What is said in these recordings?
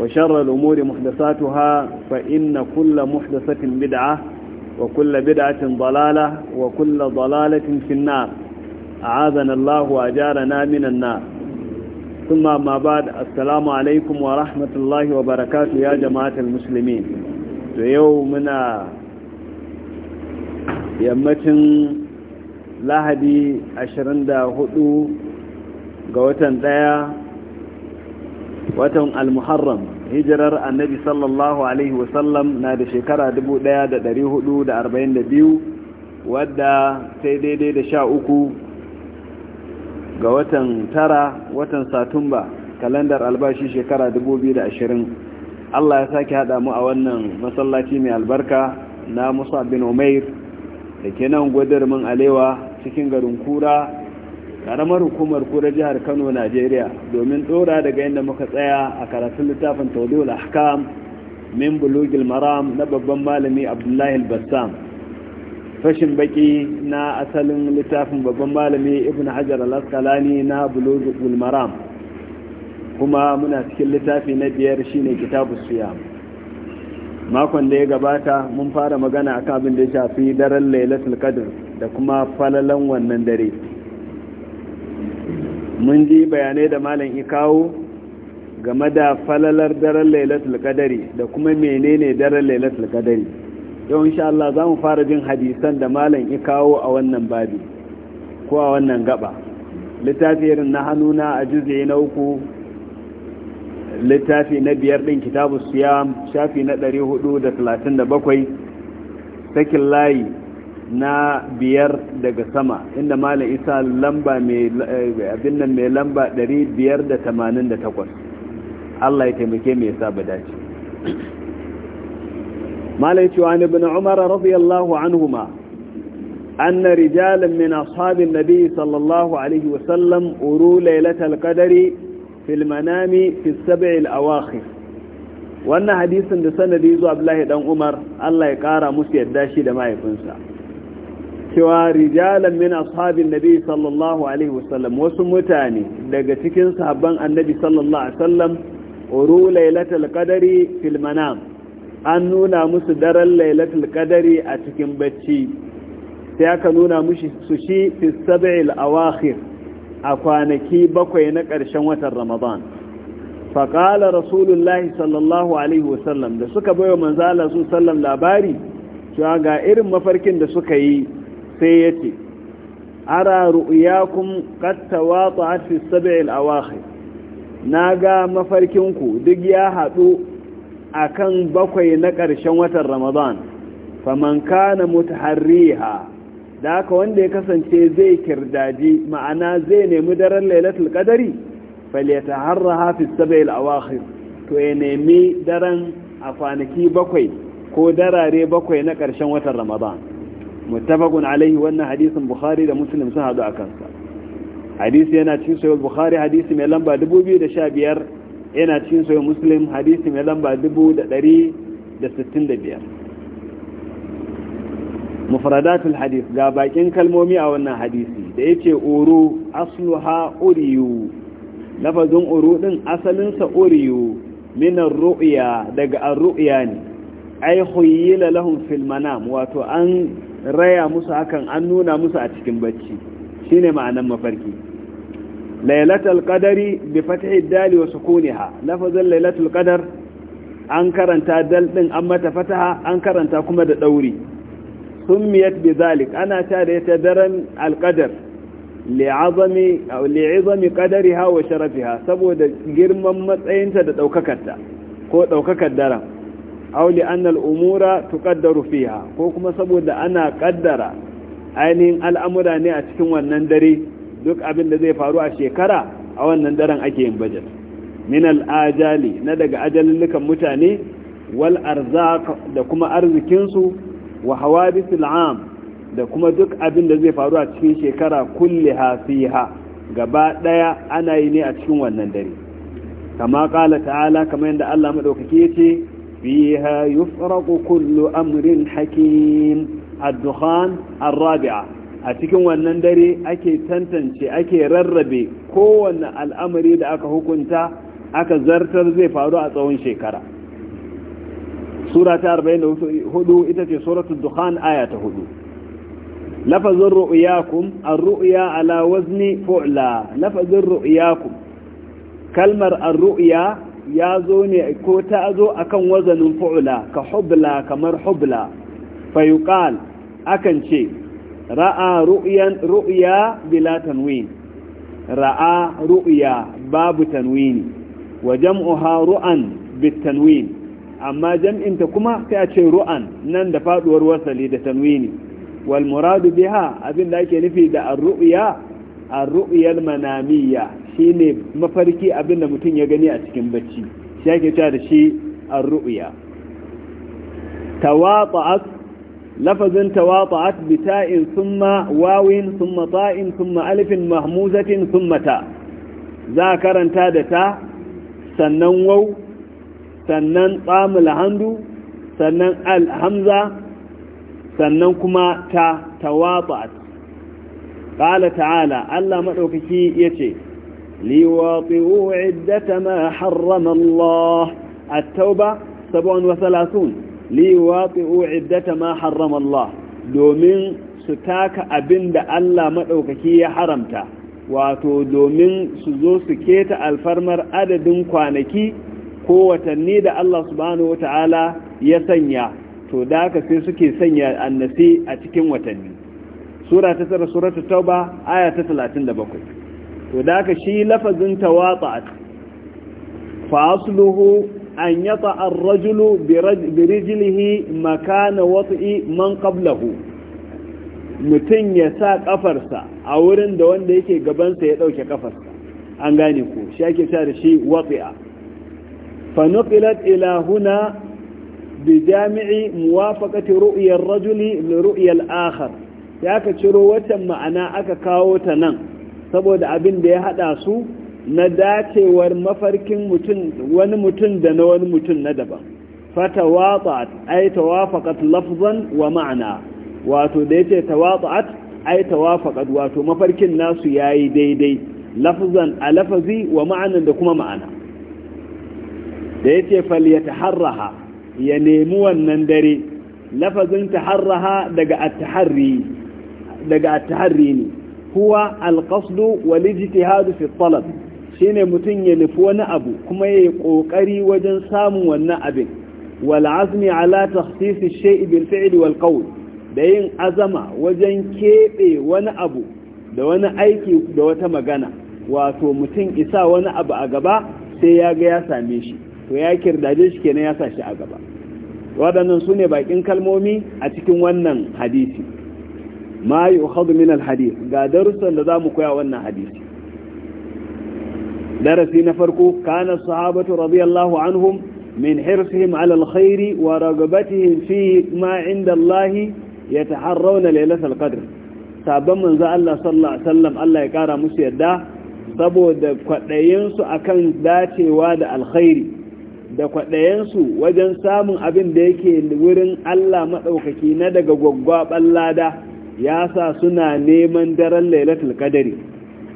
وشر الأمور محدثاتها فإن كل محدثة بدعة وكل بدعة ضلالة وكل ضلالة في النار أعاذنا الله وأجارنا من النار ثم ما بعد السلام عليكم ورحمة الله وبركاته يا جماعة المسلمين يومنا يمتن lahadi 24 ga watan ɗaya watan al-muharram hijirar annabi sallallahu alaihi wasallam na da shekara 1442 wadda sai daidai da sha uku ga watan tara watan satumba kalandar albashi shekara 2020 Allah ya sake hada mu a wannan masallaci mai albarka na Musa bin Umair da ke nan gwadar alewa cikin garin kura karamar hukumar kura jihar kano najeriya domin tsora daga inda muka tsaya a karatun littafin taudul ahkam min bulugil maram na babban malami abdullahi albassam fashin baki na asalin littafin babban malami ibn hajar alaskalani na bulugil maram kuma muna cikin littafi na biyar shine kitabu Suya, makon da ya gabata mun fara magana akan abin da ya shafi daren lailatul qadr da kuma falalan wannan dare mun ji bayanai da malam ikawo game da falalar daren lailatul qadari da kuma menene daren lailatul qadari yau insha Allah za mu fara jin hadisan da malam ikawo a wannan babi ko a wannan gaba littafin irin na hannuna a juzi na uku littafi na biyar ɗin kitabu siyam shafi na 437 sakin layi na biyar daga sama inda malam isa lamba mai eh, abin nan mai lamba 588 Allah ya taimake mai yasa ba dace malam ya ce wa ibn umar radiyallahu anhuma أن رجالا من أصحاب النبي صلى الله عليه وسلم أروا ليلة القدر في المنام في السبع الأواخر wannan hadisin da sanadi zuwa Abdullahi dan Umar Allah ya kara musu yadda shi da mahaifinsa cewa rijalan min ashabin nabi sallallahu alaihi wasallam wasu mutane daga cikin sabon annabi sallallahu alaihi wasallam uru lailatul qadari fil manam an nuna musu daren lailatul qadari a cikin bacci sai aka nuna musu su shi fi sab'il awakhir a kwanaki bakwai na ƙarshen watan ramadan faƙala rasulullahi sallallahu alaihi wasallam da suka bayo manzala su sallam labari cewa ga irin mafarkin da suka yi sai ya ce ara ru'yakum qad tawata'at fi sab'il awakhir na ga mafarkinku duk ya haɗu kan bakwai na ƙarshen watan ramadan faman kana mutaharriha da wanda ya kasance zai kirdaji ma'ana zai nemi daren lailatul qadari falyataharraha fi sab'il awakhir to ya nemi daren a kwanaki bakwai ko darare bakwai na ƙarshen watan ramadan muttafaqun alaihi wannan hadisin bukhari da muslim sun hadu a kansa hadisi yana cikin sahih bukhari hadisi mai lamba 2015 yana cikin sahih hadisi mai lamba 1165 mufradatul hadis ga baƙin kalmomi a wannan hadisi da yace uru asluha uriyu lafazin uru din asalinsa uriyu minar ru'ya daga ar-ru'ya ne ay khuyyila lahum fil manam wato an raya musu hakan an nuna musu a cikin bacci shine ma'anan mafarki lailatul qadari bi fathi dal wa sukuniha lafazin lailatul qadar an karanta dal din an mata fataha an karanta kuma da dauri summiyat bi zalik ana ta da ita daren li azami aw azami qadariha wa sharafiha saboda girman matsayinta da daukakarta ko daukakar daren aw li al-umura tuqaddaru fiha ko kuma saboda ana kaddara ainihin al'amura ne a cikin wannan dare duk abin da zai faru a shekara a wannan daren ake yin budget min al-ajali na daga ajalulukan mutane wal arzaq da kuma arzikin su wa hawadith al-am da kuma duk abin da zai faru a cikin shekara kulliha fiha gaba daya ana yi ne a cikin wannan dare kama kala ta'ala kamar yadda Allah madaukake ce. فيها يفرق كل أمر حكيم الدخان الرابعة أتكن ونندري أكي تنتنشي أكي رربي كون الأمر إذا أكا هكونتا أكا زرتر زي فاروع طوين شكرا سورة 40 هدو إتتي سورة الدخان آية هدو لفظ رؤياكم الرؤيا على وزن فعلا لفظ رؤياكم كلمة الرؤيا ya zo ne ko ta zo akan wazanin fu'ula ka hubla kamar hubla fayuqal akan ce ra'a ru'ya bila tanwin ra'a ru'ya babu tanwini wa jam'uha ru'an bit amma jam'inta kuma sai a ce ru'an nan da faduwar wasali da tanwini wal muradu biha abin da ake nufi da ar-ru'ya ar-ru'ya al-manamiyya Shi ne mafarki abin da mutum ya gani a cikin bacci shi ake cewa da shi ar-ru'ya tawata'at lafazin tawata'at bi ta'in thumma wawin thumma ta'in thumma alifin mahmuzatin thumma ta za karanta da ta sannan waw sannan tsamul handu sannan al-hamza sannan kuma ta tawata'at قال تعالى الله مدوكي يتي ليواطئوا عدة ما حرم الله التوبة سبع وثلاثون ليواطئوا عدة ما حرم الله دومين ستاك أبند ألا مدوككي حرمتا wato domin su zo su keta alfarmar adadin kwanaki ko watanni da Allah subhanahu wata'ala ya sanya to da haka sai suke sanya annasi a cikin watanni sura ta tauba aya ta talatin da 37 to da ka shi lafazin tawata'at fa asluhu an yata ar-rajulu bi makana wat'i man qablahu mutum ya sa kafarsa a wurin da wanda yake gabansa ya dauke kafarsa an gane ko shi ake shi wat'a fa nuqilat ila huna bi jami'i muwafaqati ru'ya ar-rajuli li ru'ya al-akhar ya ka ciro wata ma'ana aka kawo ta nan saboda abin da ya hada su na dacewar mafarkin mutum wani mutum da na wani mutum na daban fatawaqat ai tawafaqat lafzan wa ma'na wato da yace tawaqat ai tawafaqat wato mafarkin nasu yayi daidai lafzan a lafazi wa ma'anan da kuma ma'ana da yace yataharraha ya nemi wannan dare lafazin taharraha daga at-taharri daga at-taharri ne huwa alqasdu wal hadu fi talab shine mutum ya nufi wani abu kuma yayi ƙoƙari wajen samun wannan abin wal azmi ala takhsis ash bil fi'li wal qawl da yin azama wajen keɓe wani abu da wani aiki da wata magana wato mutum isa wani abu a gaba sai ya ga ya same shi to ya kirdaje shi kenan ya sa shi a gaba waɗannan su ne bakin kalmomi a cikin wannan hadisi ma yu'khadhu min al-hadith ga darussan da zamu koya wannan hadisi darasi na farko kana sahabatu radiyallahu anhum min hirsihim ala al wa ragabatihim fi ma inda Allah yataharrawna laylatul qadr sabon manzo Allah sallallahu alaihi wasallam Allah ya kara musu yadda saboda kwaɗayensu akan dacewa da alkhairi da kwaɗayensu wajen samun abin da yake wurin Allah maɗaukaki na daga gwaggwaɓar lada ya sa suna neman daren lailatul qadari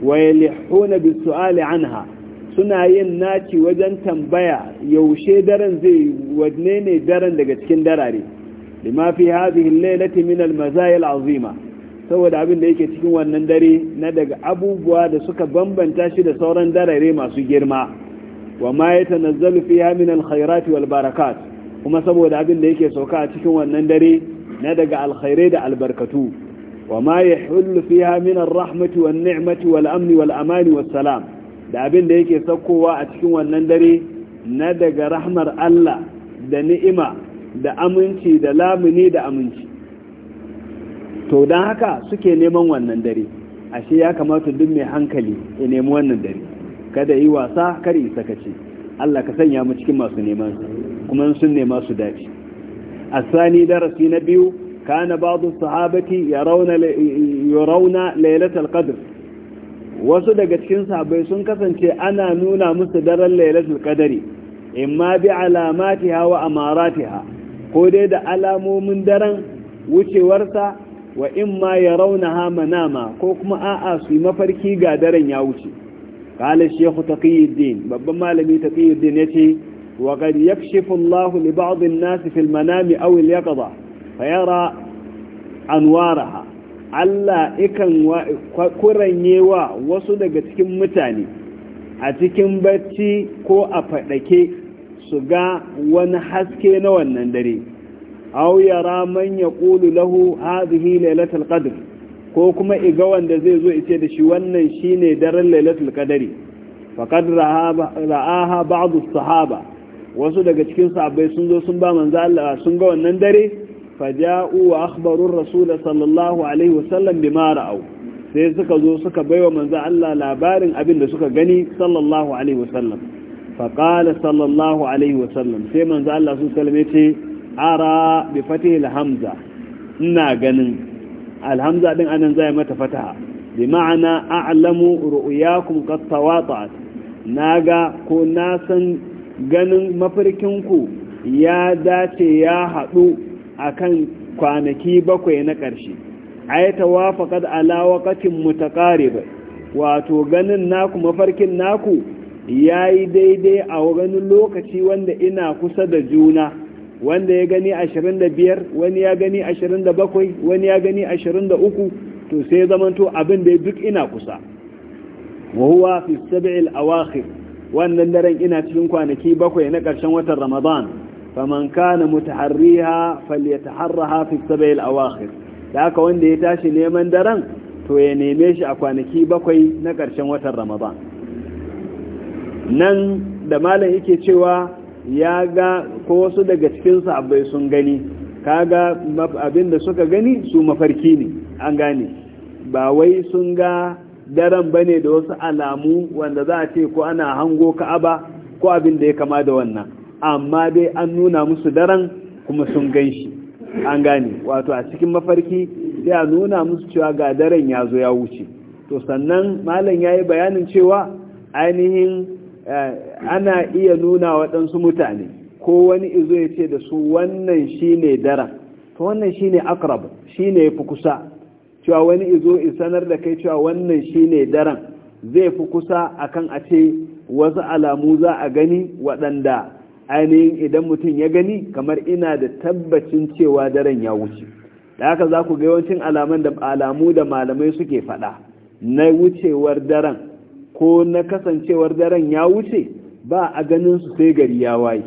wa yalihuna su'ali anha suna yin naci wajen tambaya yaushe daren zai wanne ne daren daga cikin darare lima fi hadhihi al-lailati min al-mazaya al-azima saboda abin da yake cikin wannan dare na daga abubuwa da suka bambanta shi da sauran darare masu girma wa ma yatanazzalu fiha min al-khairati wal barakat kuma saboda abin da yake sauka a cikin wannan dare na daga alkhairai da albarkatu وما يحل فيها من الرحمة والنعمة والأمن والأمان والسلام da abin da yake saukowa a cikin wannan dare na daga rahmar Allah da ni'ima da aminci da lamuni da aminci to don haka suke neman wannan dare ashe ya kamata duk mai hankali ya nemi wannan dare kada yi wasa kar isa sakaci Allah ka sanya mu cikin masu neman kuma sun nema su dace asani darasi na biyu kana ba'du sahabati yarawna yarawna lailatul qadr wasu daga cikin sahabbai sun kasance ana nuna musu daren lailatul qadri imma bi alamatiha wa amaratiha ko dai da alamomin daren wucewarsa wa imma yarawnaha manama ko kuma a'a su mafarki ga daren ya wuce qala shaykh taqiyuddin babban malami taqiyuddin yace wa qad yakshifu Allahu li ba'd an-nas fi al-manami aw al fayara anwaraha Allah ikan kuranye wa wasu daga cikin mutane a cikin bacci ko a faɗake su ga wani haske na wannan dare aw yara man yaqulu lahu hadhihi lailatul qadr ko kuma iga wanda zai zo ice da shi wannan shine daren lailatul qadri faqad ra'aha ba'd as-sahaba wasu daga cikin sahabbai sun zo sun ba manzo Allah sun ga wannan dare faja'u wa akhbarur rasul sallallahu alaihi wasallam bima ra'au sai suka zo suka baiwa manzo Allah labarin abin da suka gani sallallahu alaihi wasallam fa qala sallallahu alaihi wasallam sai manzo Allah sun sallame ce ara bi fatih alhamza ina ganin alhamza din anan zai mata fataha bi ma'ana a'lamu ru'yakum qad tawata'at naga ko na san ganin mafarkinku ya dace ya haɗu akan kwanaki bakwai na ƙarshe ai tawafaqat ala waqtin mutaqarib wato ganin naku mafarkin naku yayi daidai a wani lokaci wanda ina kusa da juna wanda ya gani 25 wani ya gani 27 wani ya gani 23 to sai zamanto abin da duk ina kusa wa huwa fi sab'il awakhir wannan daren ina cikin kwanaki bakwai na ƙarshen watan Ramadan faman kana mutaharriha falyataharraha fi sab'il awakhir da haka wanda ya tashi neman daren to ya neme shi a kwanaki bakwai na ƙarshen watan Ramadan nan da malam yake cewa ya ga ko wasu daga cikin sahabbai sun gani kaga abin da suka gani su mafarki ne an gane ba wai sun ga daren bane da wasu alamu wanda za a ce ko ana hango ka'aba ko abin da ya kama da wannan amma dai an nuna musu daren kuma sun gan shi an gane wato a cikin mafarki sai a nuna musu cewa ga daren ya zo ya wuce to sannan malam ya yi bayanin cewa ainihin eh, ana iya nuna waɗansu mutane ko wani izo ya ce da su wannan shi ne daren to wannan shi ne akrab shi ne fi kusa cewa wani izo in sanar da kai cewa wannan shi ne daren zai fi kusa akan a ce wasu alamu za a gani waɗanda ainihin idan mutum ya gani kamar ina da tabbacin cewa daren ya wuce da haka za ku ga yawancin da alamu da malamai suke faɗa na wucewar daren ko na kasancewar daren ya wuce ba a ganin su sai gari ya waye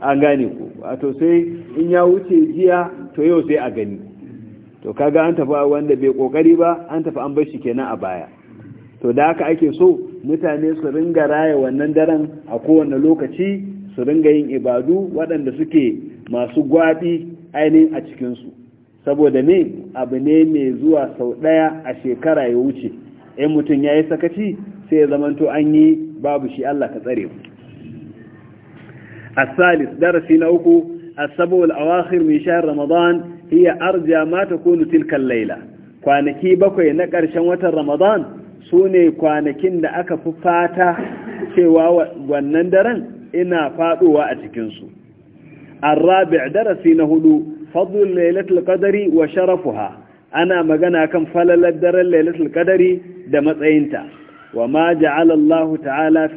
an gane ku wato sai in ya wuce jiya to yau sai a gani to kaga an tafi wanda bai kokari ba an tafi an bar shi kenan a baya to da haka ake so mutane su ringa raya wannan daren a kowane lokaci su ringa yin ibadu waɗanda suke masu gwaɓi ainihin a cikinsu saboda ne abu ne mai zuwa sau ɗaya a shekara ya wuce in mutum ya yi sakaci sai ya zamanto an yi babu shi Allah ka tsare mu darasi na uku نوكو awakhir min shahr ramadan hiya arja ma takunu tilka al-laila kwanaki bakwai na ƙarshen watan ramadan sune kwanakin da aka fi fata cewa wannan daren ina faduwa a cikinsu arabi' darasi na hudu fadlul lailatul qadari wa sharafuha ana magana kan falalar daren lailatul qadari da matsayinta wa ma ja'ala Allah ta'ala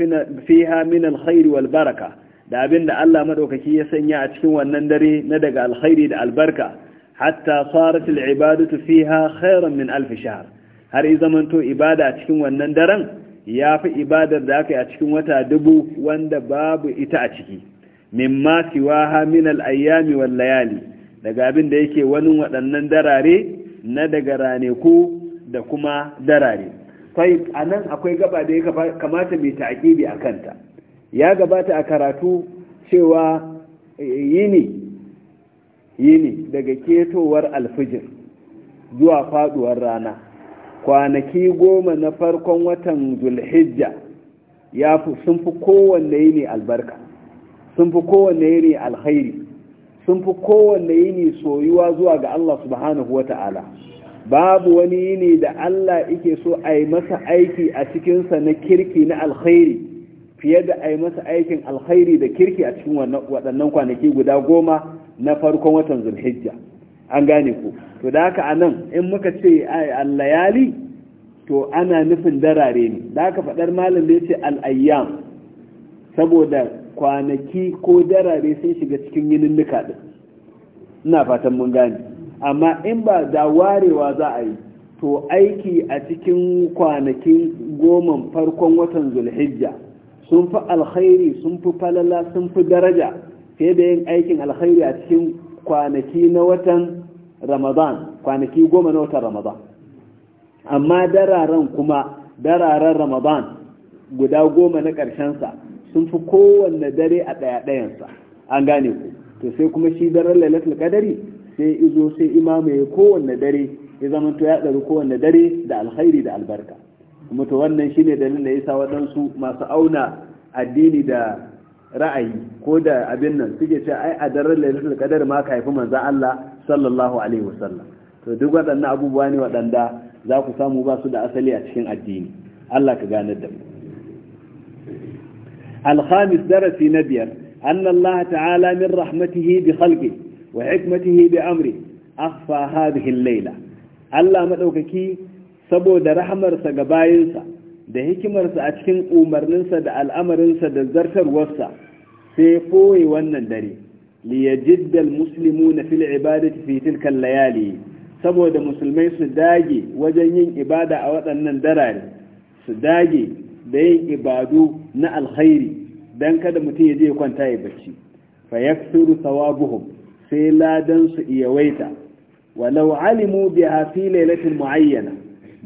fiha min alkhair wal baraka da abinda Allah madaukaki ya sanya a cikin wannan dare na daga alkhairi da albarka hatta sarat al'ibadatu fiha khairan min alf shahr har izamanto ibada cikin wannan daren ya fi ibadar da aka yi a cikin wata dubu wanda babu ita a ciki mimma siwaha min al-ayyami wal layali daga abin da yake wani waɗannan darare na daga rane ku da kuma darare sai nan akwai gaba da ya kamata mai ta'akibi a kanta ya gabata a karatu cewa eh, yini yini daga ketowar alfijir zuwa faɗuwar rana kwanaki goma na farkon watan zulhijja ya fi sun fi kowanne yini albarka sun fi kowanne yini alkhairi sun fi kowanne yini soyuwa zuwa ga Allah subhanahu wata'ala babu wani yini da Allah yake so a yi masa aiki a cikinsa na kirki na alkhairi fiye da a yi masa aikin alkhairi da kirki a cikin waɗannan kwanaki guda goma na farkon watan zulhijja an gane ku to da haka anan in muka ce al-layali to ana nufin darare ne da haka fadar malam da yace al-ayyam saboda kwanaki ko darare sun shiga cikin yininnika din ina fatan mun gane amma in ba da warewa za a yi to aiki a cikin kwanakin goman farkon watan zulhijja sun fi alkhairi sun fi falala sun fi daraja fiye da yin aikin alkhairi a cikin kwanaki na watan ramadan kwanaki goma na watan ramadan amma dararen kuma dararen ramadan guda goma na ƙarshensa sun fi kowanne dare a ɗaya-ɗayansa an gane ku to sai kuma shi daren lailatul qadari sai izo sai imamu ya kowanne dare ya zama to ya ɗari kowanne dare da alkhairi da albarka kuma to wannan shine dalilin da yasa waɗansu masu auna addini da ra'ayi ko da abin nan suke ce ai a daren lailatul qadar ma ka haifi manzon Allah sallallahu alaihi wasallam to duk waɗannan abubuwa ne waɗanda za ku samu ba su da asali a cikin addini Allah ka ganar da mu al darasi na biyar anna Allah ta'ala min rahmatihi bi khalqi wa hikmatihi bi amri akhfa hadhihi al-layla Allah maɗaukaki saboda rahmarsa ga bayinsa da hikimarsa a cikin umarninsa da al'amarinsa da zartarwarsa sai koyi wannan dare liyajidda almuslimuna fil ibadati fi tilka layali saboda musulmai su dage wajen yin ibada a waɗannan darare su dage da yin ibadu na alkhairi dan kada mutum ya je kwanta ya bacci fa yaksuru thawabuhum sai ladan su iya iyawaita walau alimu biha fi lailatin muayyana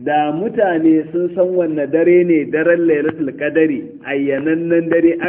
da mutane sun san wanne dare ne daren lailatul qadari ayyanannen dare